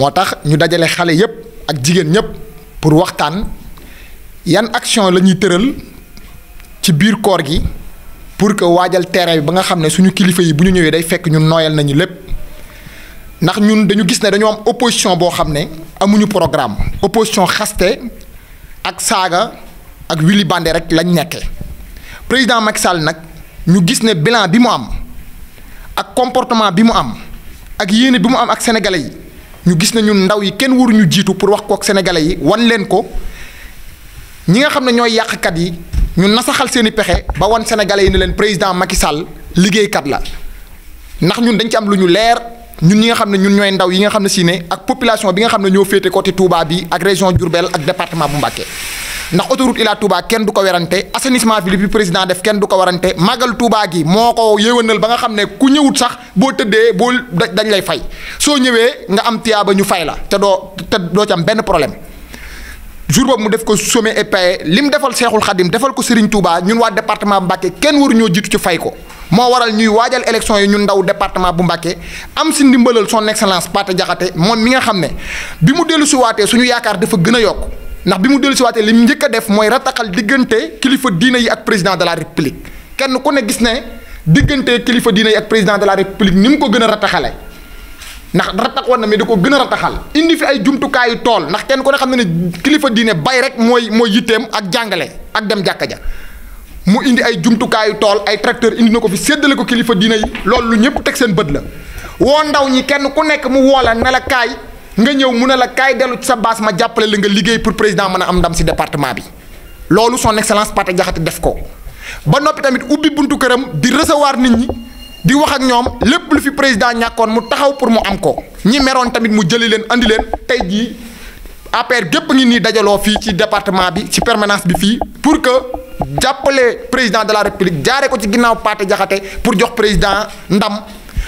motax ñu dajalé xalé yépp ak jigen ñépp pour waxtaan yan action lañuy teural ci biir koor gi pour que waajal terrain bi ba nga xamné suñu kilifa yi buñu ñëwé day fekk ñun noyal nañu lépp ndax ñun dañu gis né dañu am opposition bo xamné amuñu programme opposition xasté ak saga ak wili Bandé rek lañ nekké président Macky Sall nak ñu gis né bilan bi mu am ak comportement bi mu am ak yene bi mu am ak sénégalais ñu gis ñun ndaw yi kenn waruñu jiitu pour wax kook sénégalais yi wan leen ko ñi nga xam ne ñooy yàqkat yi ñu nasaxal seen i pexe ba wan sénégalais yi ne leen président Macky Sall liggéeykat la ndax ñun dañ ci am lu ñu leer ñun ñi nga xam ne ñun ñooy ndaw yi nga xam ne si ne ak population bi nga xam ne ñoo féete côté Touba yi ak région Diourbel ak département bu Mbacké ndax autoroute Ila Touba kenn du ko werante assainissement bi li fi président def kenn du ko werante màggal Touba gi moo ko yéwénal ba nga xam ne ku ñëwut sax boo tëddee boo dañ lay fay soo ñëwee nga am ba ñu fay la te doo te doo ci am benn problème. jour boobu mu def ko sommet et paye li mu defal Seexul Xadim defal ko Serigne Touba ñun waa bu Mbacké kenn waru ñoo jiitu ci fay ko moo waral ñuy waajal élection yi ñun ndaw département bu Mbacké am si ndimbalal son excellence Pate Diakhaté moom mi nga xam ne bi mu dellu si suñu yaakaar dafa gën a yokk. ndax bi mu dellu si li mu njëkk a def mooy rataxal diggante kilifa diina yi ak président de la république kenn ku ne gis ne diggante kilifa diina yi ak président de la république ni mu ko gën a rataxale ndax ratax woon na mais da ko gën a rataxal indi fi ay jumtukaayu tool ndax kenn ku ne xam ne ne kilifa diine bay rek mooy mooy yitteem ak jàngale ak dem jàkka ja mu indi ay jumtukaayu tool ay tracteur indi na ko fi séddale ko kilifa diine loolu lu ñëpp teg seen bët la woo ndaw ñi kenn ku nekk mu woola ne la nga ñew mu ne la kay delu ci sa base ma jàppale la nga liggéey pour président mëna am ndam si département bi lolu son excellence Pate jaxati def ko ba nopi tamit ubbi buntu kërëm di recevoir nit ñi di wax ak ñom lepp lu fi président ñàkkoon mu taxaw pour mu am ko ñi méron tamit mu jëli leen andi leen tay ji APR gep ngi ni dajalo fi ci département bi ci permanence bi fi pour que président de la république jaaré ko ci ginnaw Pate jaxaté pour jox président ndam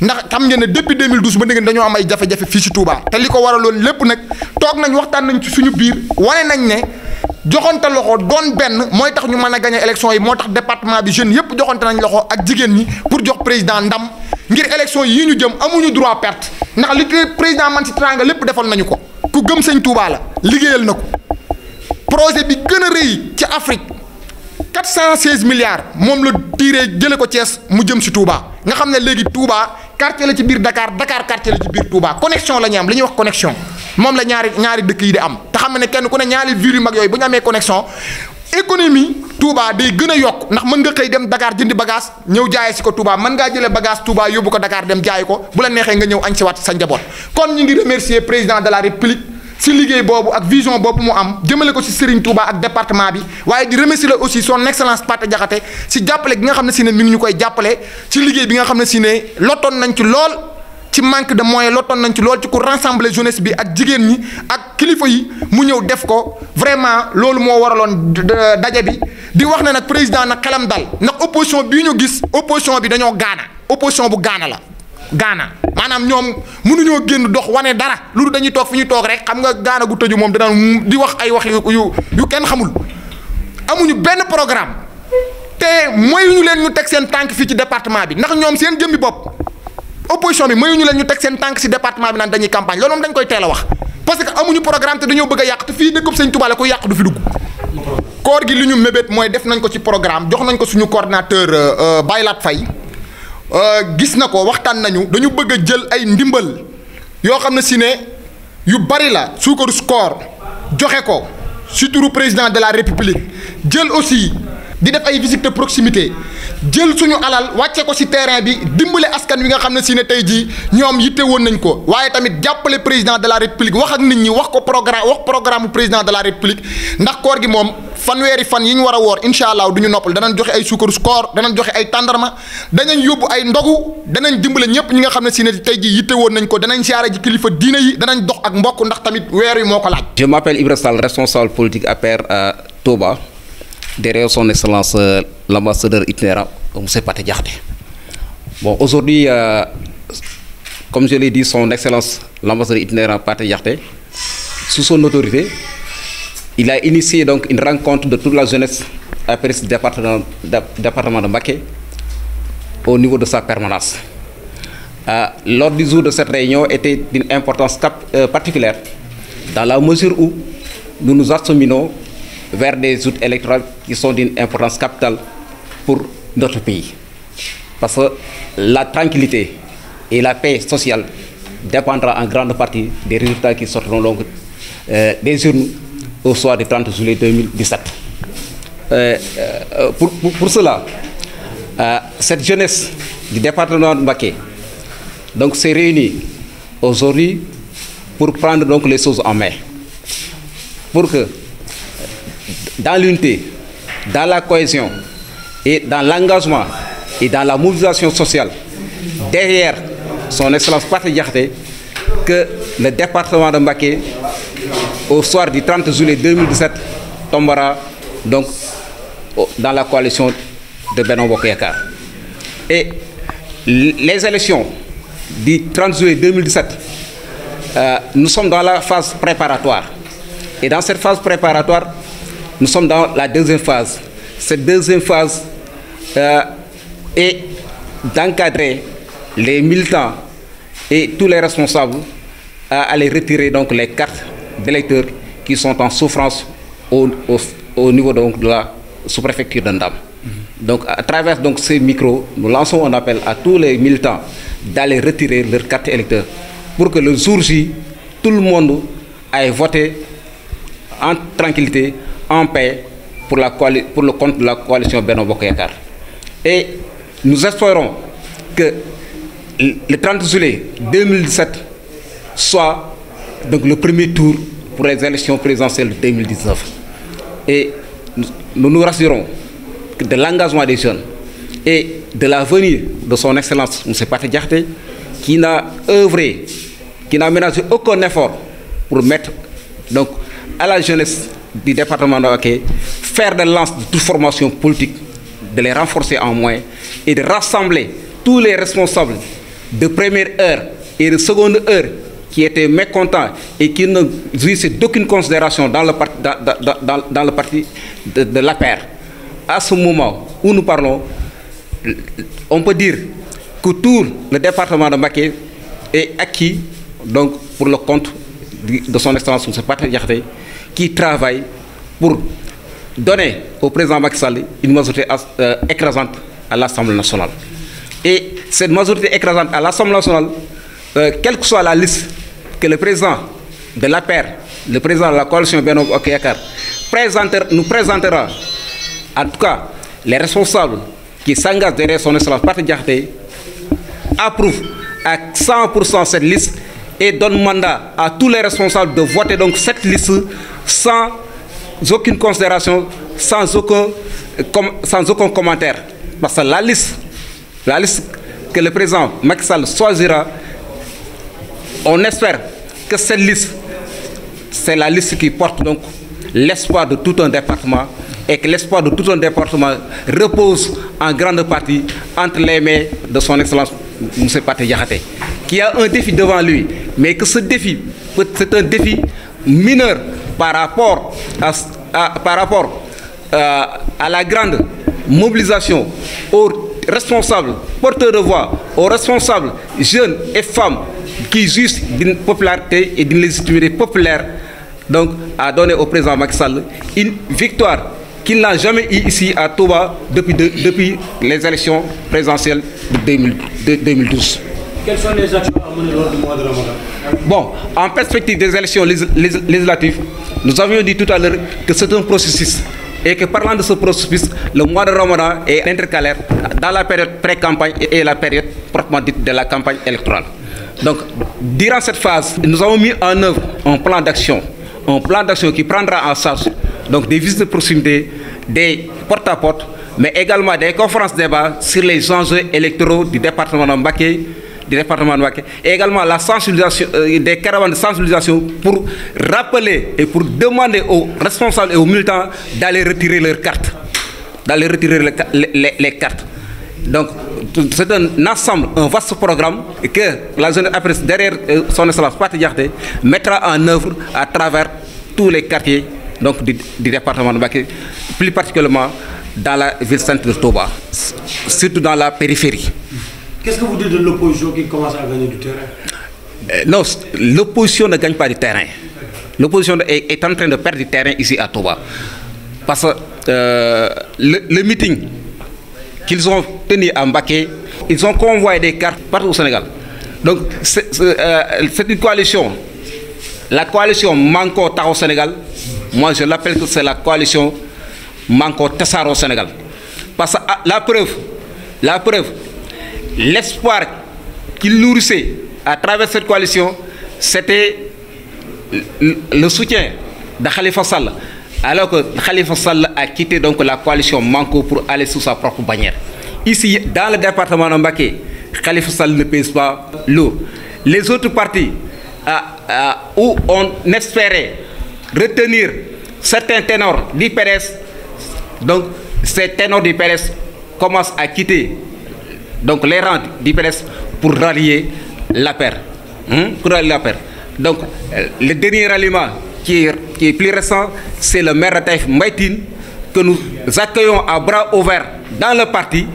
ndax xam ngeen ne depuis 2012 ba ngeen dañoo am ay jafe-jafe fii si Touba te li ko waraloon lépp nag toog nañ waxtaan nañ ci suñu biir wane nañ ne joxante loxo doon benn mooy tax ñu mën a gagné élection yi moo tax département bi jeune yépp joxante nañ loxo ak jigéen ñi pour jox président ndam ngir élection yii ñu jëm amuñu droit perte ndax li président man si lépp defal nañu ko ku gëm sëñ Touba la liggéeyal na ko projet bi gën a rëy ci Afrique 416 milliards moom la tiré jële ko Thiès mu jëm si Touba nga xam ne léegi Touba. quartier la ci bir Dakar Dakar quartier la ci bir Touba connexion la ñu am li wax connexion mom la ñaari ñaari dëkk yi di am ta xam ne kenn ku ne ñaari ville yu mag yooyu bu ñu amee connexion économie Touba day gën a yokk ndax mën nga xëy dem Dakar jëndi bagage ñëw jaay si ko Touba mën ngaa jëlee bagage Touba yóbbu ko Dakar dem jaay ko bu la neexee nga ñëw añ si waat sa njaboot kon ñu ngi remercier président de la république si vous bobu ak vision bobu mu am ko si Serigne Touba ak département bi waye di remercier aussi son excellence si jappelé gi nga xamné si si bi nga xamné si nañ manque de moyens nañ ci lool ci ku rassembler jeunesse bi ak avez ñi ak kilifa yi mu def ko vraiment loolu mo waralon bi di wax président dal opposition opposition bi opposition bu la ñom mënu ñoo genn dox wané dara loolu dañuy tok fiñu tok rek xam nga gaana gu tejju mom danaan di wax ay wax yu yu kenn xamul amuñu benn programme te ñu leen ñu tek seen tank fi ci département bi ndax ñom seen jëmmi bop opposition bi ñu leen ñu tek seen tank si département bi nan dañuy campagne loolu dañ koy téla wax parce que amuñu programme te dañoo bëgg yaq te fi dëkkub sëñ la ko yaq du fi dugg. koor gi li ñu mébét mooy def nañ ko ci programme jox nañ ko suñu coordinateur euh, euh, Baylat Faye Euh, gis na ko waxtaan nañu dañu bëgg a jël ay ndimbal yoo xam ne si ne yu bari la suukaru koor joxe ko ci président de la république jël aussi di def ay visite de proximité jël suñu alal wàcce ko ci terrain bi dimbale askan wi nga xam ne si ne tey jii ñoom yitte woon nañ ko waaye tamit jàppale président de la république wax ak nit ñi wax ko programme wax programme président de la république ndax koor gi moom. fanweeri fan yiñ wara wor inshallah duñu incha noppal danañ joxe ay sucre score danañ joxe ay tandarma danañ yobbu ay ndogu danañ dimbalé ñepp ñi nga xam ne si ne ji yitte won nañ ko danañ siyaare ji kilifa diiné yi danañ dox ak mbokk ndax tamit wër yi moko laaj. je m'appelle Ibrahima Sall responsable politique APR à euh, Touba derrière son excellence euh, l'ambassadeur itinérant monsieur paté Diakhaté bon aujourd'hui euh, comme je l'ai dit son excellence l'ambassadeur itinérant paté Diakhaté sous son autorité. Il a initié donc une rencontre de toute la jeunesse après ce département, de Mbaké au niveau de sa permanence. Euh, L'ordre du jour de cette réunion était d'une importance euh, particulière dans la mesure où nous nous assemblons vers des outils électoraux qui sont d'une importance capitale pour notre pays. Parce que la tranquillité et la paix sociale dépendra en grande partie des résultats qui sortiront donc, euh, des urnes au soir du 30 juillet 2017. Euh, euh, pour, cela, euh, cette jeunesse du département de Mbaké donc s'est réunie aujourd'hui pour prendre donc les choses en main. Pour que dans l'unité, dans la cohésion et dans l'engagement et dans la mobilisation sociale, derrière son excellence Patrick que le département de Mbaké au soir du 30 juillet 2017 tombera donc dans la coalition de Benoît Et les élections du 30 juillet 2017, euh, nous sommes dans la phase préparatoire. Et dans cette phase préparatoire, nous sommes dans la deuxième phase. Cette deuxième phase euh, est d'encadrer les militants et tous les responsables à aller retirer donc les cartes d'électeurs qui sont en souffrance au, niveau donc de la sous-préfecture d'Andam. Donc, à travers donc, ces micros, nous lançons un appel à tous les militants d'aller retirer leurs carte électeurs pour que le jour J, tout le monde aille voter en tranquillité, en paix, pour, la pour le compte de la coalition Bernard Bokoyakar. Et nous espérons que le 30 juillet 2017 soit donc, le premier tour pour les élections présidentielles de 2019. Et nous nous rassurons de l'engagement des jeunes et de la venue de son Excellence M. Patrick qui n'a œuvré, qui n'a ménagé aucun effort pour mettre donc, à la jeunesse du département de Hockey, faire des lances de toute formation politique, de les renforcer en moins et de rassembler tous les responsables de première heure et de seconde heure qui étaient mécontents et qui ne jouissaient d'aucune considération dans le, parti de, la paire. À ce moment où nous parlons, on peut dire que tout le département de Mbaké est acquis donc, pour le compte de son extension, M. Patrick qui travaille pour donner au président Macky Sall une majorité euh, écrasante à l'Assemblée nationale. Et cette majorité écrasante à l'Assemblée nationale, euh, quelle que soit la liste que le président de la paire, le président de la coalition Benoît Okéakar nous présentera, en tout cas, les responsables qui s'engagent derrière son excellence approuve à 100% cette liste et donne mandat à tous les responsables de voter donc cette liste sans aucune considération, sans aucun, sans aucun commentaire. Parce que la liste, la liste que le président Maxal choisira on espère que cette liste, c'est la liste qui porte donc l'espoir de tout un département et que l'espoir de tout un département repose en grande partie entre les mains de son Excellence M. Paté Yahate, qui a un défi devant lui, mais que ce défi, c'est un défi mineur par rapport à, euh, à la grande mobilisation aux responsables, porteurs de voix, aux responsables jeunes et femmes qui jouissent d'une popularité et d'une légitimité populaire, donc à donner au président Macky Sall une victoire qu'il n'a jamais eu ici à Touba depuis, depuis les élections présidentielles de, 2012. Quelles sont les actions à mener lors du mois de Ramadan Bon, en perspective des élections législatives, nous avions dit tout à l'heure que c'est un processus et que parlant de ce processus, le mois de Ramadan est intercalaire dans la période pré-campagne et la période de la campagne électorale. Donc, durant cette phase, nous avons mis en œuvre un plan d'action, un plan d'action qui prendra en charge donc, des visites de proximité, des porte-à-porte, mais également des conférences débats sur les enjeux électoraux du département de Mbaké, du département de et également la sensibilisation, euh, des caravanes de sensibilisation pour rappeler et pour demander aux responsables et aux militants d'aller retirer leurs cartes, d'aller retirer les cartes. Donc, c'est un ensemble, un vaste programme que la zone après, derrière euh, son excellence Pati mettra en œuvre à travers tous les quartiers donc, du, département de Baké, plus particulièrement dans la ville centre de Toba, surtout dans la périphérie. Qu'est-ce que vous dites de l'opposition qui commence à gagner du terrain euh, Non, l'opposition ne gagne pas du terrain. L'opposition est, en train de perdre du terrain ici à Toba. Parce que euh, le meeting qu'ils ont tenu à Mbaké. Ils ont convoyé des cartes partout au Sénégal. Donc, c'est euh, une coalition. La coalition Manco Taro Sénégal, moi je l'appelle que c'est la coalition Manco au Sénégal. Parce que ah, la preuve, la preuve, l'espoir qu'ils nourrissaient à travers cette coalition, c'était le soutien de Khalifa alors que Khalifa Sall a quitté donc la coalition Manco pour aller sous sa propre bannière. Ici, dans le département d'Ambaké, Khalifa Sall ne pèse pas l'eau. Les autres parties ah, ah, où on espérait retenir certains ténors d'IPRS, donc ces ténors du commencent à quitter donc les rangs du pour rallier la paire. Hein, pour rallier la paire. Donc, euh, le dernier ralliement qui est, plus récent, c'est le maire Taïf, Maïtine que nous accueillons à bras ouverts dans le parti,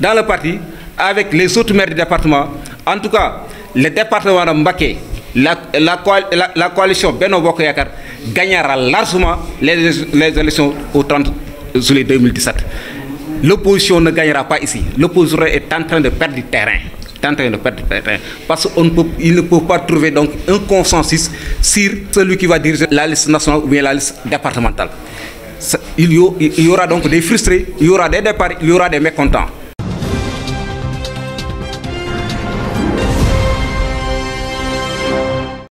dans le parti avec les autres maires du département. En tout cas, le département de Mbaké, la, coalition Beno Bokoyakar gagnera largement les élections au 30 juillet 2017. L'opposition ne gagnera pas ici. L'opposition est en train de perdre du terrain en de perdre Parce qu'ils ne peut pas trouver donc un consensus sur celui qui va diriger la liste nationale ou bien la liste départementale. Il y aura donc des frustrés, il y aura des départs, il y aura des mécontents.